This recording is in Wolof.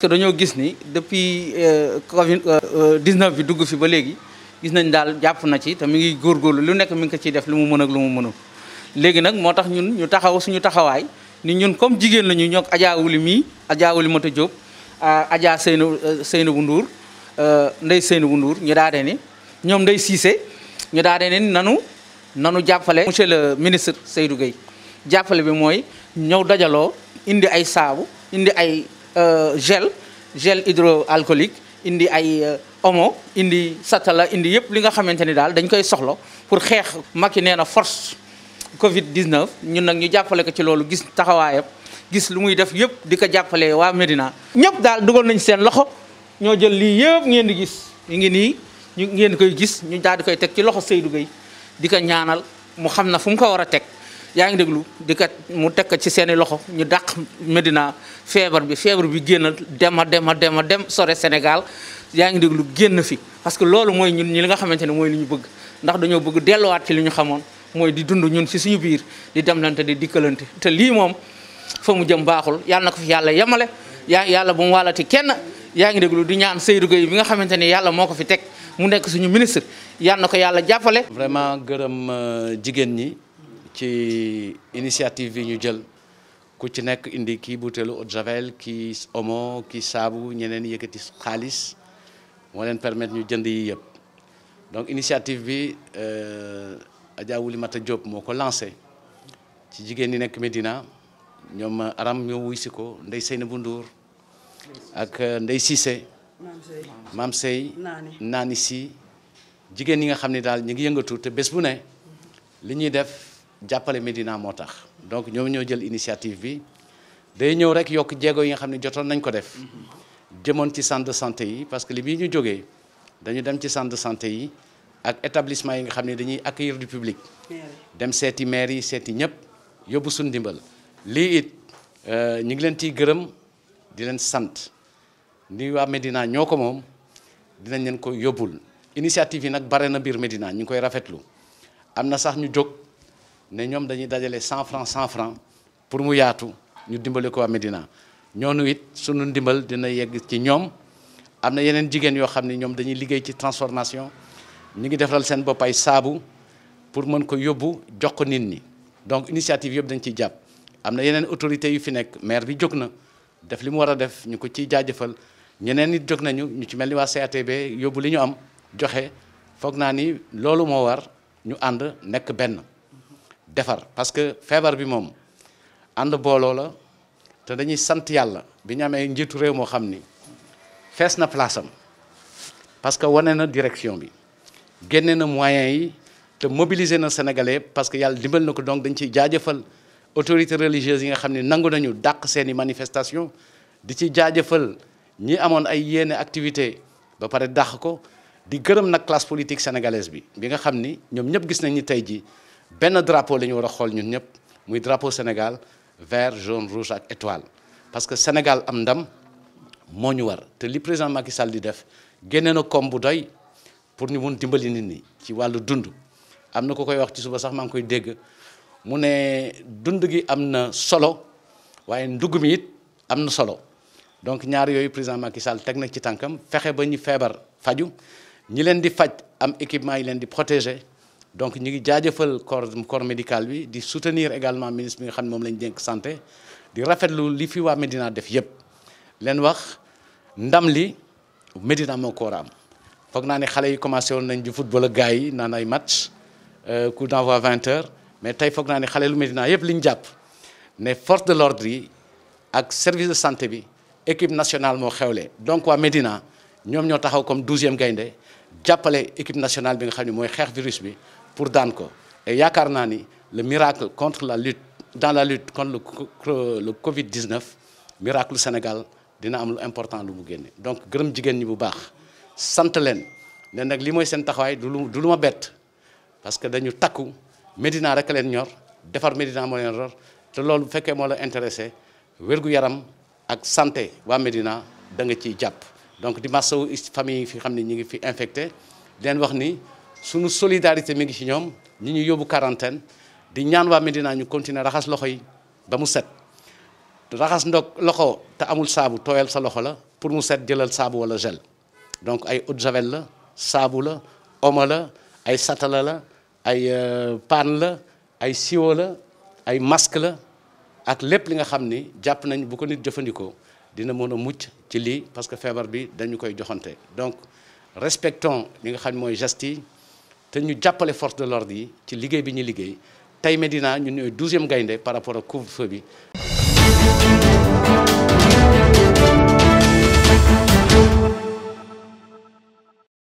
que dañoo gis ni depuis euh, Covid 19 euh, euh, bi dugg fi ba léegi gis nañ daal jàpp na ci te mi ngi góorgóorlu lu nekk mi ngi ko ciy def lu mu mën lu mu mënul léegi nag moo tax ñun ñu taxaw suñu taxawaay ni ñun comme jigéen la ñu ñoog Adja Wuli mii Adja Wuli Mata Diop Adja Seynou Seynabou Ndour Ndey Seynabou Ndour ñu daadee ni ñoom Ndey Cissé ñu daadee ne nanu nanu jàppale monsieur ministre Seydou Gueye jàppale bi mooy ñëw dajaloo indi ay saabu indi ay Euh, gel gel hydroalcoolique indi ay euh, omo indi satala indi yëpp li nga xamante ni daal dañ koy soxla pour xeex Macky nee na force Covid 19 ñun nag ñu jàppale ko ci loolu gis taxawaayam gis lu muy def yëpp di ko jàppale waa Médina. ñëpp daal dugal nañ seen loxo ñoo jël lii yëpp ngeen di gis ñu ngi nii ñu ngeen koy gis ñu daal di koy teg ci loxo Seydou Gueye di ñaanal mu xam na fu mu ko war a teg. yaa ngi déglu di mu teg ci seen i loxo ñu dàq Medina feebar bi feebar bi génn dema dema dema dem sore Sénégal yaa ngi déglu génn fi parce que loolu mooy ñun ñi li nga xamante ne mooy li ñu bëgg ndax dañoo bëgg delluwaat ci lu ñu xamoon mooy di dund ñun ci suñu biir di demlante di dikkalante te lii moom fa mu jëm baaxul yàlla na ko fi yàlla yemale yaa yàlla bu mu kenn yaa ngi déglu di ñaan Seydou Gueye bi nga xamante ne yàlla moo ko fi teg mu nekk suñu ministre yàlla na ko yàlla jàppale vraiment gërëm euh, jigéen ñi ci initiative yi ñu jël ku ci nekk indi kii butéelu eau javel kii omo kii saabu ñeneen yëkkati xaalis moo leen permettre ñu jënd yi yëpp donc initiative bi euh, Adja a Diop moo ko lancé ci jigéen ñi nekk Médina ñoom Aram ñoo wuy si ko Ndey Seynabou Ndour ak euh, Ndey Cissé Maam Sey Naani Si jigéen ñi nga xam ne daal ñu ngi yëngatu te bés bu ne li ñuy def jàppale Médina moo tax donc ñoom ñoo jël initiative bi day ñëw rek yokk jéego yi nga xam ne jotoon nañ ko def jëmoon ci sant de santé yi parce que li bii ñu jógee dañu dem ci centre de santé yi ak établissement yi nga xam ne dañuy accueillir du public dem seeti maire yi seeti ñëpp yóbbu suñ ndimbal lii it euh, ñu ngi leen ciy gërëm di leen sant ni waa Médina ñoo ko moom dinañ leen ko yóbbul initiative yi nag bare na biir Médina ñu ngi koy rafetlu am na sax ñu jóg ne ñoom dañuy dajale cent francs cent francs pour mu yaatu ñu dimbale ko waa Médina ñoonu it sunu ndimbal dina yegg ci ñoom am na yeneen jigéen yoo xam ne ñoom dañuy liggéey ci transformation ñu ngi defaral seen bopp ay saabu pour mën ko yóbbu jox ko nit ñi donc initiative yëpp dañ ciy jàpp am na yeneen autorités yu fi nekk maire bi jóg na def li mu war a def ñu ko ciy jaajëfal ñeneen nit jóg nañu ñu ci mel ni waa CATB yóbbu li ñu am joxe foog naa ni loolu moo war ñu ànd nekk benn defar parce que feebar bi moom ànd booloo la te dañuy sant yàlla bi ñu amee njiitu réew moo xam ni fees na place am parce que wane na direction bi génne na moyens yi te mobiliser na sénégalais parce que yàlla dimbal na ko donc dañ ciy jaajëfal autorités religieuses yi nga xam ne nangu nañu dàq seeni manifestation di ci jaajëfal ñi amoon ay yéene activité ba pare dàq ko di gërëm nag classe politique sénégalaise bi bi nga xam ni ñoom ñëpp gis nañ tey jii benn drapeau la ñu war a xool ñun ñëpp muy drapeau Sénégal vert jaune rouge ak étoile parce que Sénégal am ndam moo ñu war te li président Macky Sall di def génne na koom bu doy pour ñu mun dimbali nit nii ci wàllu dund am na ko koy wax ci suba sax maa ngi koy dégg mu ne dund gi am na solo waaye ndugg mi it am na solo donc ñaar yooyu président Macky teg na ci tànkam fexe ba ñu feebar faju ñi leen di faj am équipement yi leen di protéger donc ñu ngi jaajëfal corps corps médical bi di soutenir également ministre bi nga xam ne moom lañ dénk santé di rafetlu li fi waa Médina def yëpp leen wax ndam li Médina moo ko foog naa ne xale yi commencé woon nañ di football ak gars yi naan ay match euh, coup d'envoi 20 heures mais tey foog naa ne xale lu Médina yëpp li ñu jàpp ne force de l'ordre yi ak service de santé bi équipe nationale moo xew lee donc waa Médina ñoom ñoo taxaw comme douzième gaynde jàppale équipe nationale bi nga xam ne mooy xeex virus bi pour daan ko et yaakaar naa ni le miracle contre la lutte dans la lutte contre le le Covid 19 miracle Sénégal dina am lu important lu mu génne donc gërëm jigéen ñi bu baax sant leen ne nag li mooy seen taxawaay du lu du lu ma bett parce que dañu takku Médina rek leen ñor defar Médina moo leen ñor te loolu bu fekkee moo la intéressé wérgu yaram ak santé waa Médina da nga ciy jàpp. donc di masawu famille yi fi xam ne ñu ngi fi infecté den wax ni sunu solidarité mi ngi ci ñoom ñu ñu yóbbu quarantaine di ñaan waa Medina ñu continuer raxas loxo yi ba mu set raxas ndog loxo te amul saabu tooyal sa loxo la pour mu set jëlal saabu wala gel donc ay eau de javel la saabu la omo la ay satala la ay euh, paan la ay siwo la ay masque la ak lépp li nga xam ni jàpp nañ bu ko nit jëfandikoo dina mën a mucc ci lii parce que feebar bi dañu koy joxante donc respectons ñi nga xam mooy gestes te ñu jàppale force de l'ordre yi ci liggéey bi ñu liggéey tey Médina ñu ñooy douzième gaynde par rapport ak couvre-feu bi